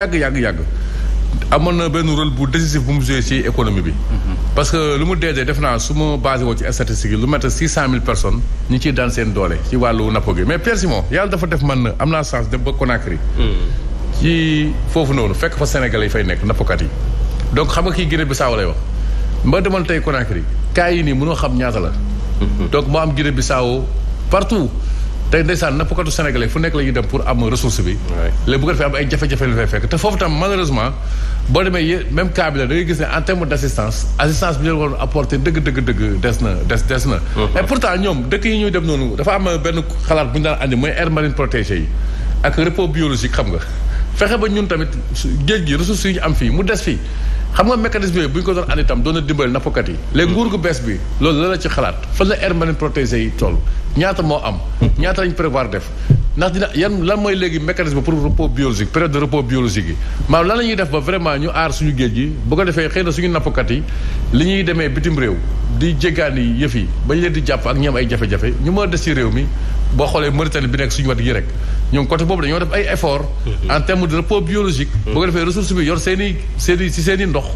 yàgg yàgg yàgg amoon na benn rôle bu décisif bu mu joué ci économie bi. Mhm. parce que lu mu dee dee def naa su ma basé woo ci statistique yi lu mat six cent mille personnes ñi ciy daan seen doole ci wàllu napp gi mais Pierre Simon yàlla dafa def man am naa chance dem ba Conakry. Mhm. ci foofu noonu fekk fa sénégal yi fay nekk nappkat yi. donc xam nga kii Guinée-Bissau lay wax mba demoon tey Conakry cas yi nii mënoo xam ñaata la. Mhm. donc moo am Guinée-Bissau partout. tey ndeysaan nappkatu sénégalais fu nekk la ñuy dem pour am ressource bi. léegi bu defee am ay jafe-jafe la fay fekk te foofu tam malheureusement boo demee même cas bi la da ngay gis ne en d' assistance assistance bi ñu leen waroon des na des ñoom dëkk yi ñuy dem noonu dafa am benn xalaat bu ñu daan andi mooy aire marine protégée yi ak repos biologique xam nga fexe ba ñun tamit géej gi ressources yi ñu am fii mu des fii. xam nga mécanisme bu ñu ko doon ànd itam doon na dimbali nappkat yi. léegi mm. nguur gu bees bi loolu la la ci xalaat fan la aire marine protégée yi ñaata moo am. ñaata lañ prévoir def. ndax dina yan lan mooy léegi mécanisme pour repos biologique période de repos biologique yi maanaam lan la ñuy def ba vraiment ñu aar suñu géej gi bu ko defee xëy na suñu nappkat yi li ñuy demee bitim réew di jéggaani yëf yi ba ñu leen di jàpp ak ñi am ay jafe-jafe ñu mën a des ci réew mi boo xoolee Mauritanie bi nekk suñu wet gi rek ñoom côté boobu dañoo def ay effort mhm. en terme de repos biologique bu defee ressource bi yor seen i seen i si seen i ndox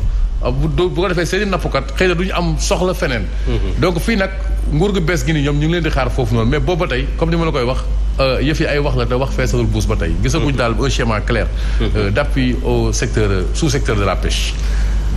bu ko defee seen i nappkat xëy na du am soxla feneen mhm. nguur gu bees gi nii ñoom ñu ngi leen di xaar foofu noonu mais booba tey comme ni ma la koy wax euh, yëf yi ay wax la te wax feesalul buus ba tey mm-hmm. gisaguñ daal un schéma clair mm-hmm. euh, d'appui au secteur euh, sous secteur de la pêche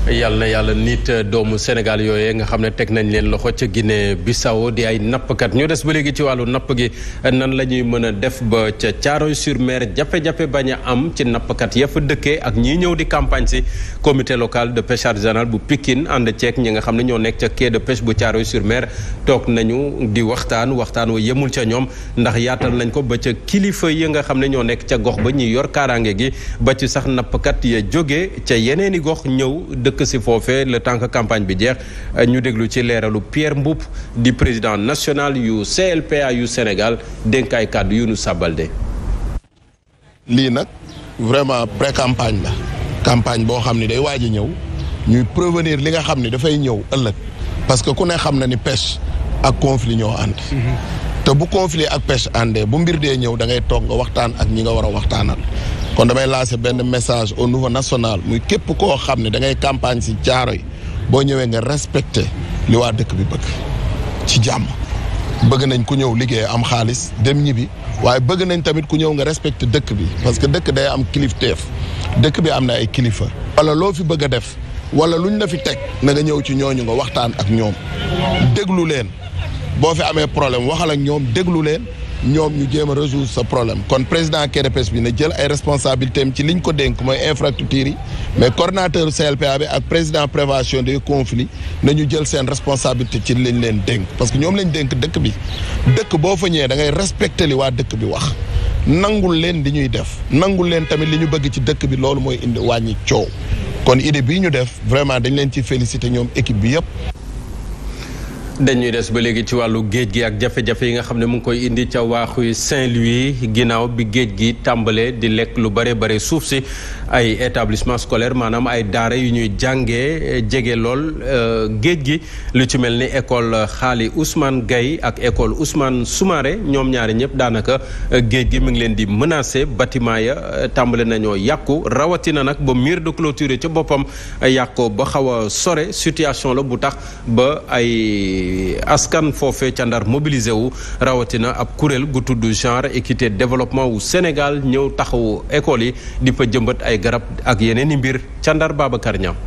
yàlla na yàlla nit euh, doomu Sénégal yooyee nga xam ne teg nañ leen loxo ca Guinée Bissau di ay nappkat ñu des ba léegi ci wàllu napp gi nan la ñuy mën a def ba ca Thiaroye sur Mer jafe-jafe bañ a am ci nappkat ya fa dëkkee ak ñiy ñëw di campagne si comité local de pêche artisanale bu pikin ànd ceeg ñi nga xam ne ñoo nekk ca quai de pêche bu Thiaroye sur Mer toog nañu di waxtaan waxtaan wa yemul ca ñoom ndax yaatal nañ ko ba ca kilifa yi nga xam ne ñoo nekk ca gox ba ñuy yor kaaraange gi ba ci sax nappkat ya jóge ca yeneeni gox ñëw dëkk si foofee la temps que campagne bi jeex ñu déglu ci leeralu Pierre Mboup di président nationale yu CLPA yu senegal dénk kàddu yu nu sàbbalde lii nag vraiment pré campagne la campagne boo xam ne day waaj a ñëw ñuy prévenir li nga xam ni dafay ñëw ëllëg parce que ku ne xam na ni pêche ak conflit ñoo ànd. Mhm. te bu conflit ak pêche àndee bu mbir dee ñëw da ngay toog nga waxtaan ak ñi nga war a waxtaanal. kon damay lancer benn message au niveau national muy képp koo xam ne da ngay campagne si jaaro yi boo ñëwee nga respecté li waa dëkk bi bëgg ci jàmm bëgg nañ ku ñëw liggéey am xaalis dem ñibbi waaye bëgg nañ tamit ku ñëw nga respecté dëkk bi parce que dëkk day am kilifteef dëkk bi am na ay kilifa. wala loo fi bëgg a def wala luñ ne fi teg na nga ñëw ci ñooñu nga waxtaan ak ñoom déglu leen boo fi amee problème waxal ak ñoom déglu leen. ñoom ñu jéem a résoudre sa problème kon président KDPES bi na jël ay responsabilités am ci liñ ko dénk mooy infrastructure yi mais coordonnateur CLPA bi ak président prévention de conflits na ñu jël seen responsabilité ci liñ leen dénk parce que ñoom lañ dénk dëkk bi dëkk boo fa ñëwee da ngay respecté li waa dëkk bi wax nangul leen li ñuy def nangul leen tamit li ñu bëgg ci dëkk bi loolu mooy indi wàññi coow kon idée bii ñu def vraiment dañ leen ci félicité ñoom équipe bi yëpp dañuy des ba léegi ci wàllu géej gi ak jafe-jafe yi nga xam ne mu ngi koy indi ca waaxu Saint-Louis ginnaaw bi géej gi tàmbalee di lekk lu bare bare suuf si ay établissement scolaire maanaam ay daara yu ñuy jànge jege lool euh, géej gi lu ci mel ni école xaali Ousmane Gaye ak école Ousmane Soumaré ñoom ñaari ñëpp daanaka euh, géej gi mu ngi leen di menacer bâtiment ya euh, tàmbale nañoo yàqu rawatina nag ba mur de clôture ca boppam yàqoo ba xaw a sore situation la bu tax ba ay. askan foofe ca Ndar mobilisé wu rawatina ab kuréel gu tudd genre équité développement wu Sénégal ñëw taxawu école yi di fa jëmbat ay garab ak yeneen i mbir ca Ndar Babacar Niang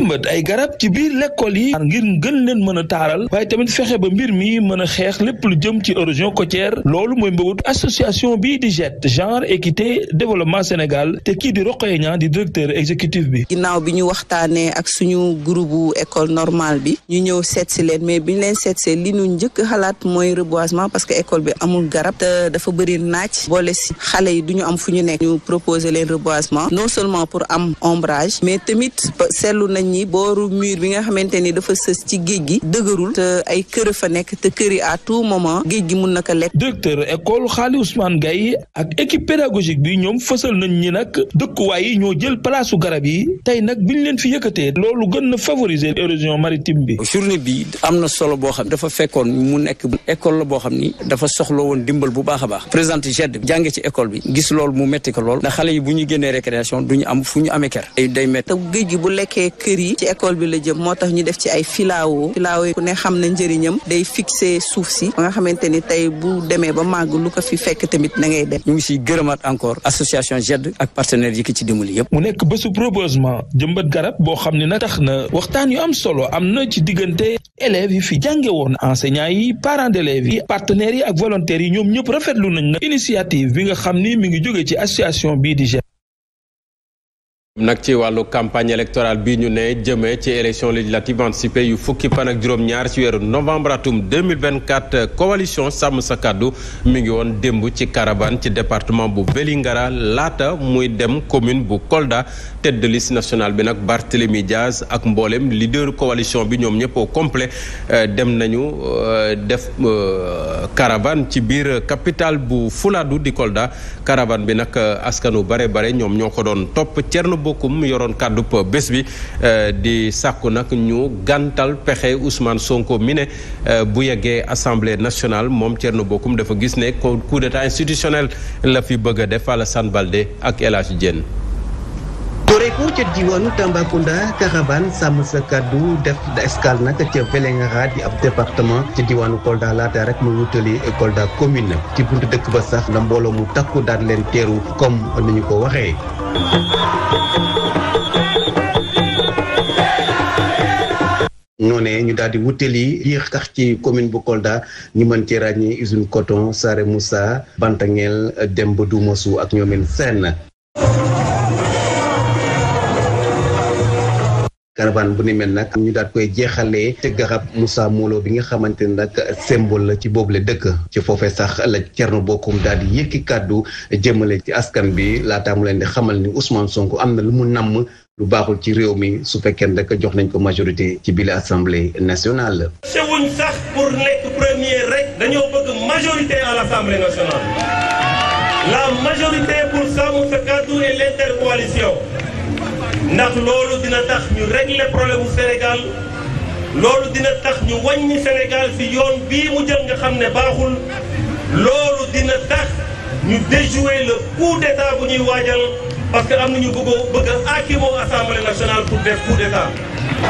jëmbat ay garab ci biir lekkool yi ngir gën leen mën a taaral waaye tamit fexe ba mbir mi mën a xeex lépp lu jëm ci érosion côtière loolu mooy mbëbatu association bii di GET genre équité développement Sénégal te kii di Rokhaya Niang di directeur exécutif bi. ginnaaw bi ñu waxtaanee ak suñu groupe école normale bi ñu ñëw seet si leen mais bi ñu leen seet see li ñu njëkk xalaat mooy reboisement parce que école bi amul garab te dafa bëri naaj boole si xale yi du ñu am fu ñu nekk ñu proposer ñi booru mur bi nga xamante ni dafa sës ci géej gi dëgërul te ay kër fa nekk te kër yi à tout moment géej gi mun naka ko lekk. directeur école Xaali Ousmane Gaye ak équipe pédagogique bi ñoom fësal nañ ñi nag dëkkuwaay yi ñoo jël palaasu garab yi tey nag ñu leen fi yëkkatee loolu gën a favoriser érosion maritime bi. journée bi am na solo boo xam dafa fekkoon mu nekk école la boo xam ni dafa soxla woon dimbal bu baax a baax présidente JED bi jànge ci école bi gis loolu mu metti ko lool xale yi bu ñu génnee récréation duñu am fu ñu amee kër yi ci école bi la jëm moo tax ñu def ci ay filao filao ku ne xam na njëriñam day fixer suuf si ba nga xamante ni tey bu demee ba màgg lu ko fi fekk tamit na ngay dem. ñu ngi siy gërëmaat encore association JED ak partenaires yi ki ci dimbali yëpp. mu nekk bésu proposement jëmbat garab boo xam ne na tax na waxtaan yu am solo am na ci diggante élèves yi fi jànge woon enseignants yi parents d'élèves yi partenaires yi ak volontaires yi ñoom ñëpp rafetlu nañ nag ci wàllu campagne électorale bi ñu ne jëmee ci élection législative anticipée yu fukki fan ak juróom-ñaar ci weeru novembre atum 2024 coalition sàmm sa kàddu mi ngi woon démb ci Carabane ci département bu Vélingara laata muy dem commune bu Kolda tête de national bi nag Barthélémy Diaz ak mboolem leader coalition bi ñoom ñëpp au complet euh, dem nañu euh, def euh, Carabane ci biir capital bu Fuladu di Kolda Carabane bi nag askanu bare bare ñoom ñoo ko doon topp Thierno bokkum yoroon kàddu bés bi euh, di sàkku nag ñu gàntal pexe Ousmane Sonko mi ne euh, bu yeggee assemblée nationale moom Thierno bokkum dafa gis ne coup d'état institutionnel la fi bëgg a def Alassane Balde ak El Hadj dooreeku ca diwaanu Tambacounda caravane sàmm sa kàddu def escale nag ca Vélingara di ab département ci diwaanu Kolda laata rek mu wutali Kolda commune ci buntu dëkk ba sax la mbooloo mu takku daan leen teeru comme ni ñu ko waxee. noonee ñu daal di wutali ci commune bu Kolda ñu mën ci ràññee usine coton Sare Moussa Bantangel Demba Doumassou ak ñoomin seen caravane bu ni mel nag ñu daat koy jeexalee ci garab Moussa Molo bi nga xamante ne nag symbole la ci boobule dëkk ci foofe sax la Thierno Bocoum daal di yëkki kàddu jëmmale ci askan bi laataa mu leen di xamal ni Ousmane Sonko am na lu mu namm lu baaxul ci réew mi su fekkee rek jox nañ ko majorité ci bile assemblée nationale. sewuñ la majorité pour sàmm sa kàddu et l'intercoalition. ndax loolu dina tax ñu régler problème mu Sénégal loolu dina tax ñu wàññi Sénégal si yoon bii mu jël nga xam ne baaxul loolu dina tax ñu déjouer le coup d'état bu ñuy waajal parce que am na ñu bëgg a bëgg a aakimoo assemblée nationale pour def coup d'état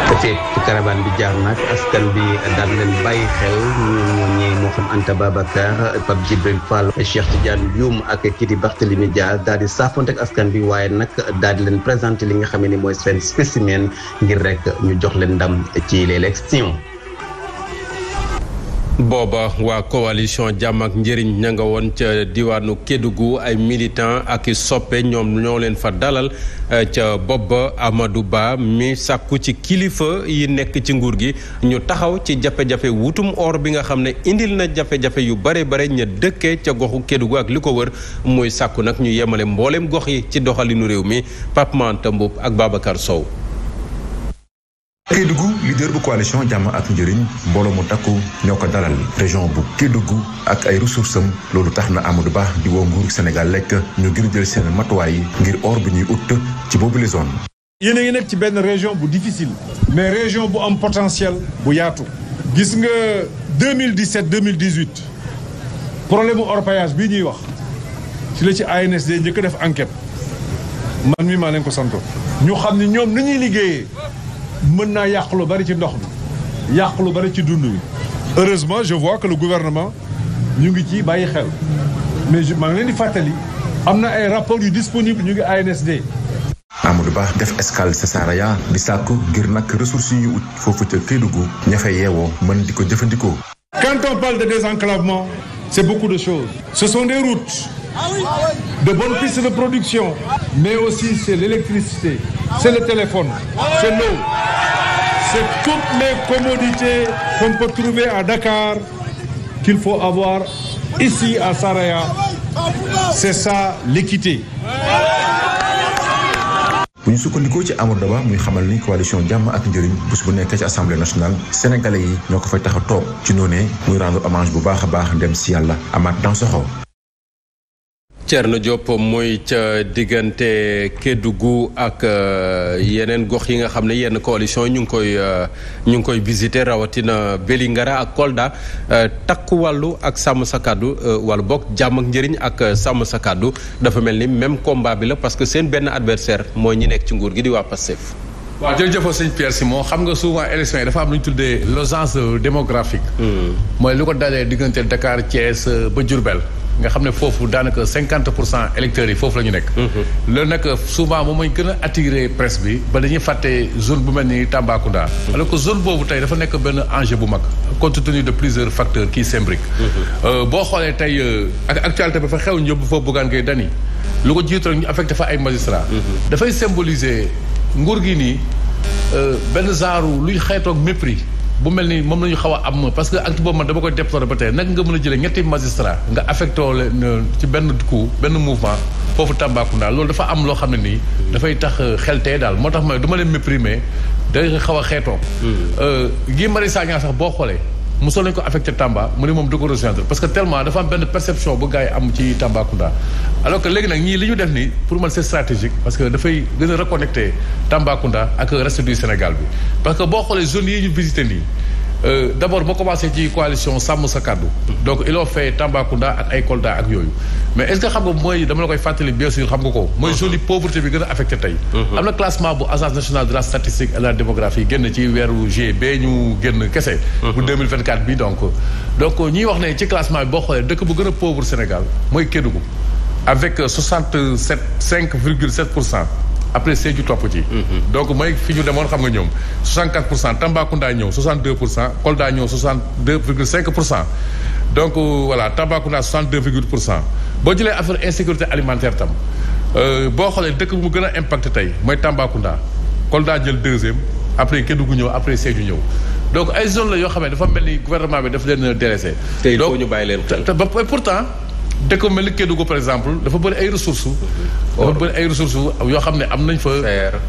te ci caravane bi jaar ak askan bi daan leen bàyyi xel ñu ñooñee moo xam Anta Babacar Pape Djibril Fall Cheikh Tidiane Dioum ak kii di Barthélémy Dias daal di saafonte ak askan bi waaye nag daal di leen présenté li nga xam ne ni mooy seen spécimen ngir rek ñu jox leen ndam ci l'élection booba waa coalition jàmm ak njëriñ ña nga woon ca diwaanu Kédougou ay militant ak soppe ñoom ñoo leen fa dalal eh, ca bopp Amadou Ba mi sàkku ci kilifa yi nekk ci nguur gi ñu taxaw ci jafe-jafe wutum or bi nga xam ne indil na jafe-jafe yu bare bare ña dëkkee ca goxu gu ak li ko wër muy sàkku nag ñu yemale mbooleem gox yi ci doxalinu réew mi Pape Mante ak Babacar Sow leader bu coalition jàmm ak njëriñ mbooloo mu takku ñoo ko dalal région bu Kédougou ak ay ressources am loolu tax na Amadou baax di woo nguur Sénégal lekk ñu ngir jël seen matuwaay ngir or bi ñuy ut ci boobu les zones. yéen a ngi nekk ci benn région bu difficile mais région bu am potentiel bu yaatu. gis nga 2017 2018 problème mu orpaillage bii ñuy wax ci la ci ANSD njëkk def enquête man mi ma leen ko santoon. ñu xam ni ñoom ni liggéeyee. mën naa yàq lu bari ci ndox mi yàq lu bari ci dund bi heureusement je vois que le gouvernement ñu ngi ci bàyyi xel mais maa ngi leen di fàttali am na ay rapport yu disponible ñu ngi ANSD Amadou baax def escale sa Saraya di sàkku ngir nag ressources yi ut foofu ca Kédougou ña fa yeewoo mën di ko jëfandikoo quand on parle de désenclavement c'est beaucoup de choses ce sont des routes de bonnes pistes de production. Mais aussi, c'est l'électricité, c'est le téléphone, c'est l'eau, c'est toutes les commodités qu'on peut trouver à Dakar qu'il faut avoir ici à Saraya. C'est ça l'équité. bu ñu sukkandikoo ci Amadou Ba muy xamal ni coalition jàmm ak njëriñ bés bu nekkee ci assemblée nationale sénégalais yi ñoo ko fay tax toog ci noonee muy rendre hommage bu baax a baax dem si yàlla amaat soxo cer na Diop mooy ca diggante Kédougou ak euh, yeneen gox yi nga xam ne yenn coalition ñu ngi koy euh, ñu ngi koy visiter rawatina Vélingara ak Kolda euh, takku wàllu ak sàmm sa kàddu wala bokk jàmm ak njëriñ ak sàmm sa kàddu dafa mel ni même combat bi la parce que seen benn adversaire mooy ñi nekk ci nguur gi di waa Pastef. waaw jërëjëf sëñ Pierre moo xam nga souvent élection yi dafa am lu ñu tuddee l'urgence démographique. Hmm. mooy lu ko dalee diggante Dakar Thiès ba Diourbel. nga xam ne foofu daanaka cinquante pour cent électeurs yi foofu la ñu nekk. Mhm. loolu nag souvent moom mooy gën a attirer presse bi ba dañuy fàtte zone bu mel ni Tambacounda. Mhm. alors ko zone boobu tey dafa nekk benn enjeu bu mag. compte tenu de plusieurs facteurs qui s'imbriquent. Mhm. Euh, boo xoolee tey euh, ak actualité bi fa xew ñëpp foofu Bougane Gueye Dany lu ko jiitu ñu affecté fa ay magistrats. dafay symboliser nguur gi nii euh, benn genre luy xeetoog mépris. bu mel ni moom la ñu xaw a am parce que acte boobu man dama koy déploré ba tey naka nga mën a jëlee ñetti magistrat nga affecté euh, ci benn coup benn mouvement foofu Tambacounda loolu dafa am loo xam ne nii dafay tax xeltee daal moo tax ma du ma leen méprimer da nga xaw a xeetoo hmm. euh, Guy Marius Sagna sax boo xoolee mosoon nañu ko affecté Tamba mu ne moom du ko rejoindre parce que tellement dafa am benn perception bu ci Tambacounda alors que léegi nag ñii li def nii pour man c'est stratégique que dafay gën a Tambacounda ak reste du Sénégal bi parce que boo xoolee zones yi ñu visité nii euh, d'abord boo commencé ci coalition sàmm sa kàddu donc il a fait Tambacounda ak ay Kolda ak yooyu mais est-ce que xam nga mooy dama koy fàttali ko. mooy zone uh-huh. pauvreté bi gën a affecté tey. Uh-huh. am na classement bu agence nationale de la statistique et la démographie génn ci weeru G bee ñu génn kese. Uh-huh. bu 2024 bi donc. donc ñuy wax ne ci classement bi boo xoolee dëkk bu gën a pauvre Sénégal mooy Kédougou avec 67 5 virgule 7 pour cent. après Sédhiou topp ci. donc mooy fi ñu demoon xam nga ñoom 64 pour cent Tambacounda ñëw 62 pour cent Kolda ñëw 62 virgule 5 pour cent. donc euh, voilà Tambacounda 62 virgule pour cent boo jëlee affaire insécurité alimentaire tam euh, boo xoolee dëkk bu mu gën a impacté tey mooy kon daa jël deuxième après Kédougou ñëw après Sédhiou ñëw donc ay zone la yoo xam ne dafa mel ni gouvernement bi daf leen délaissé. te il faut ñu bàyyi leen xel. te ba pourtant dëkk bu mel ni ko par exemple dafa bëri ay ressources. dafa bëri ay ressources yoo xam ne am nañ fa.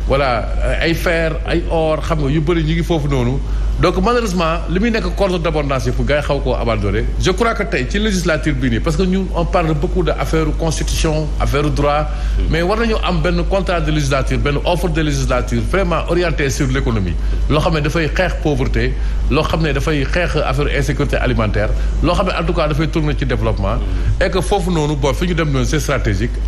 voilà ay fer ay or xam nga yu bëri ñu ngi foofu noonu. donc malheureusement li muy nekk corde d'abondance yi fu gars yi xaw koo abandonné je crois que tey ci législature bi nii parce que ñu on parle beaucoup de affaire constitution affaire droit. Mm. mais war nañu am benn contrat de législature benn offre de législature vraiment orientée sur l'économie. loo xam ne dafay xeex pauvreté loo xam ne dafay xeex affaire insécurité alimentaire loo xam ne en tout cas dafay tourner ci développement. Mm. et que foofu noonu boo fi ñu dem noonu c'est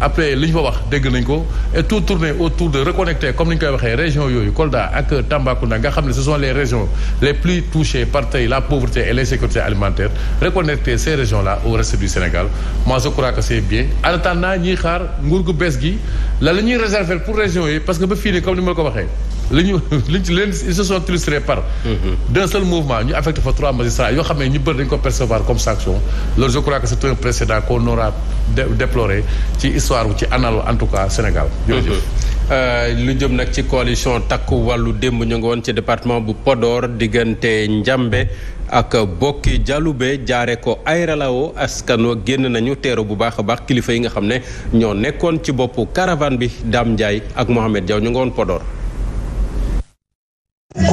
après li ñu fa wax. dégg nañ ko et tout tourner autour de reconnecter comme ni ñu koy waxee région yooyu Kolda ak Tambacounda nga xam ne ce sont les régions les plus touchées par tey la pauvreté et l'insécurité alimentaire reconnecter ces régions là au reste du Sénégal moi je crois que c'est bien en attendant ñiy xaar nguur gu bees gi la la ñuy réserver pour région yi parce que ba fii nii comme ni ma la ko waxee li ñu liñ ci leen ils se par mhm. d'un seul mouvement ñu affecté fa trois magistrats yoo xam ne ñu bëri dañ ko percevoir comme sanction loolu je crois que c'est un précédent qu'on ci histoire ci anal en tout cas Sénégal jërëjëf mhm. euh, lu jëm nag ci coalition takku wàllu démb ñu ngi woon ci département bu podoor diggante Njambe ak bokki Dialoubé jaare ko ayralawo askano génn nañu teeru bu baax a baax kilifa yi nga xam ne ñoo nekkoon ci boppu caravane bi daam Ndiaye ak Mohamed jaw ñu ngi woon Podor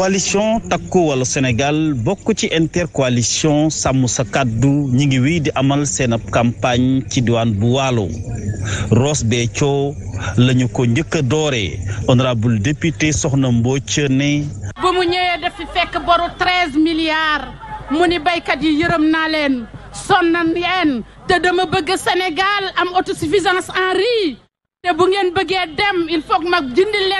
coalition takku wàllu Sénégal bokk ci intercoalition sàmm sa kàddu ñi ngi wii di amal seen ab campagne ci diwaan bu waalo Ross Béthio la ko njëkk a dooree honorable député Soxna Mbodj ne. bu mu ñëwee daf fekk boru treize milliards mu ni béykat yi yërëm naa leen sonn na te dama bëgg Sénégal am autosuffisance en riz te bu ngeen bëggee dem il faut mag jindil leen.